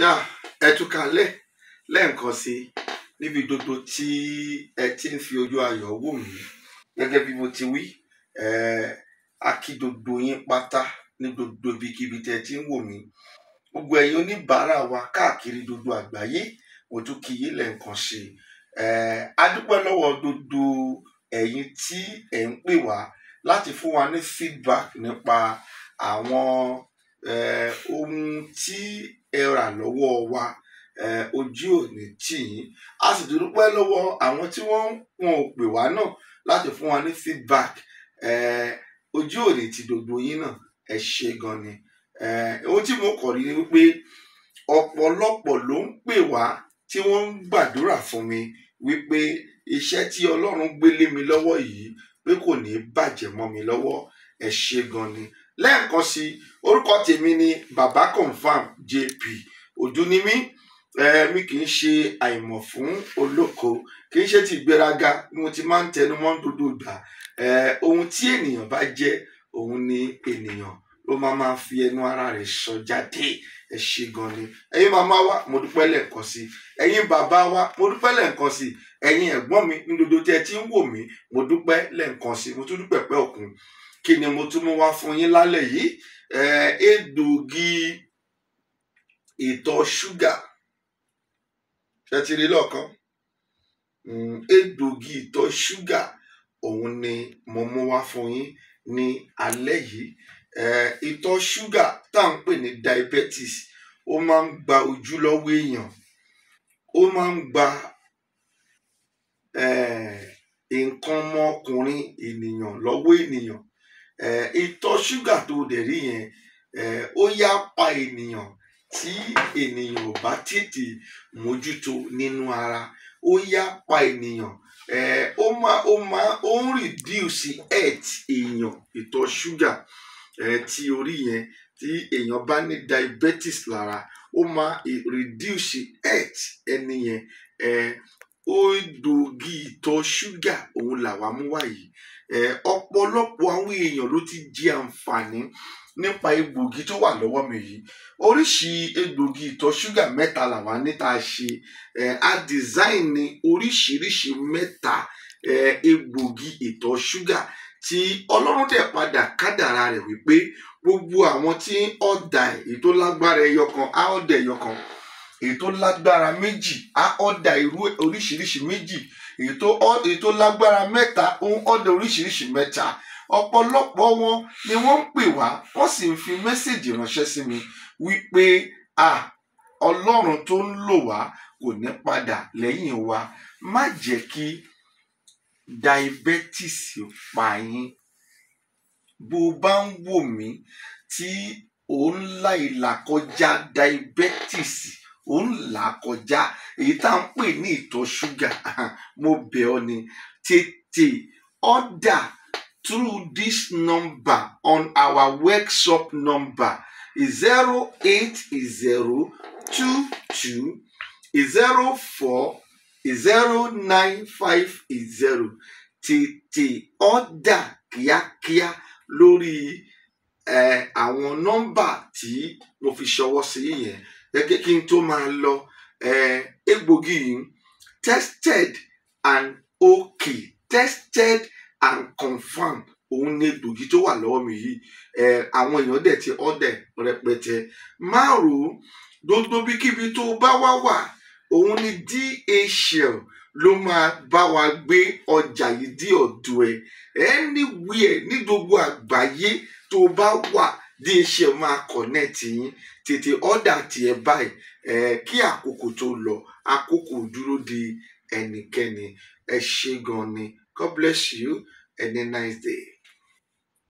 yà ẹ tún kalẹ̀ lẹ́ẹ̀kan sí níbi gbogbo tí ẹ ti ń fi ojú ayọ̀ wò mí gẹ́gẹ́ bí mo ti wí a kí gbogbo yín pátá ní gbogbo ibikíbi tẹ́ ti ń wò mí gbogbo ẹ̀yin oníbàárà wa káàkiri gbogbo àgbáyé mo tún kí yín lẹ́ẹ̀kan sí a dúpẹ́ lọ́wọ́ gbogbo ẹ̀yin tí ẹ̀ ń pè wá láti fún wa ní feedback nípa àwọn Eh, ohun tí ẹ rà lọ́wọ́ wa eh, ojú ò ní tì yín a sì dúpẹ́ lọ́wọ́ àwọn tí wọ́n wọn pè wá náà láti fún wa ní feedback eh, ojú ò ní ti gbogbo yín náà ẹ ṣe gan ni ohun tí mo kọ̀ rí ni wípé ọ̀pọ̀lọpọ̀ ló ń pè wá tí wọ́n ń gbàdúrà fún mi wípé iṣẹ́ tí ọlọ́run gbé mi lọ́wọ́ yìí pé kò ní bàjẹ́ mọ́ mi lọ́wọ́ ẹ ṣe gan ni lẹ́ẹ̀kan sí orúkọ tèmi ni baba confam jp ojú ni mí mi kì í ṣe àìmọ̀ fún olóko kì í ṣe ti ìgbéraga mo ti máa ń tẹnu mọ́ dúdú gbà ohun tí ènìyàn bá jẹ́ òun ni ènìyàn ló máa máa fi ẹnu ara rẹ̀ sọ jáde ẹ ṣé gan ni ẹ̀yin màmá wa mo dúpẹ́ lẹ́ẹ̀kan sí ẹ̀yin bàbá wa mo dúpẹ́ lẹ́ẹ̀kan sí ẹ̀yin ẹ̀gbọ́n mi ní dodo tí ẹ ti ń wò mí mo dúpẹ́ lẹ́ẹ̀kan sí mo tún dúpẹ́ pẹ́ òkun kí ni mo tún mú wá fún yín lálẹ́ yìí egbògi ìtọ̀ ṣúgà ṣe ti rí lọ́ọ̀kan hmm, egbògi ìtọ̀ ṣúgà òun ni mo mú wá fún yín ní alẹ́ yìí ìtọ̀ ṣúgà tá à ń pè ní diabetes ó máa ń gba ojú lọ́wọ́ èèyàn ó máa ń gba nǹkan ọmọkùnrin ènìyàn lọ́wọ́ ènìyàn ìtọ̀ ṣúgà tó dẹ̀ rí yẹn ó yá pa ènìyàn tí ènìyàn ò bá tètè mójútó nínú ara ó yá pa ènìyàn ó máa ó máa ó ń reduce health èèyàn ìtọ̀ ṣúgà ti orí yẹn tí èèyàn bá ní diabetes lára ó máa reduce health ẹni yẹn ògbógi ìtọ̀ ṣúgà òun làwa mú wá yìí ọ̀pọ̀lọpọ̀ àwọn èèyàn ló ti jẹ àǹfààní nípa egbògi tó wà lọ́wọ́ mi yìí oríṣi egbògi ìtọ̀ ṣúgà mẹ́ta làwa níta ṣe a dìzáìnì oríṣiríṣi mẹ́ta egbògi ìtọ̀ ṣúgà tí ọlọ́run dẹ̀ padà kádàrá rẹ̀ wípé gbogbo àwọn tí ọ̀dà èyí tó lágbára ẹyọ kan á ọ̀dà ẹyọ kan èyí tó lágbára méjì á ọ̀dà irú oríṣiríṣi méjì èyí tó lágbára mẹ́ta ó ń ọ̀dà oríṣiríṣi mẹ́ta ọ̀pọ̀lọpọ̀ wọn ni wọ́n ń pè wá wọ́n sì ń fi mẹ́sẹ̀gì ránṣẹ́ sí mi wípé à ọlọ́run tó ń lò wá kò ní padà lẹ́yìn wa má jẹ́ kí dàìbẹ́tìsì pa yín bó bá ń wò mí tí ò ń la ìlàkọjá dàìbẹ́tìsì ó ń là kọjá èyí tá à ń pè ní ìtọ̀ ṣúgà mo bẹ̀ ọ́ ni tètè order through this number on our workshop number zero eight zero two two zero four zero nine five zero tètè order kíákíá lórí àwọn nọ́mbà tí mo fi ṣọwọ́ sí yẹn gẹ́gẹ́ kí n tó máa lọ egbògi yìí tested and okay tested and confirmed òun ni egbògi tó wà lọ́wọ́ mi yìí àwọn èèyàn dẹ̀ ti ọ̀dẹ̀ rẹpẹtẹ márùn-ún gbogbo bíkíbi tó bá wá wà òun ni DHL ló máa bá wa gbé ọjà yìí dé ọ̀dọ̀ ẹ̀ anywhere ní gbogbo àgbáyé tó bá wà ní iṣẹ́ máa connect yín tètè ọ́dà tiẹ̀ báyìí ẹ̀ kí àkókò tó lọ àkókò dúró de ẹnikẹ́ni ẹ ṣé gan ni God bless you and a nice day.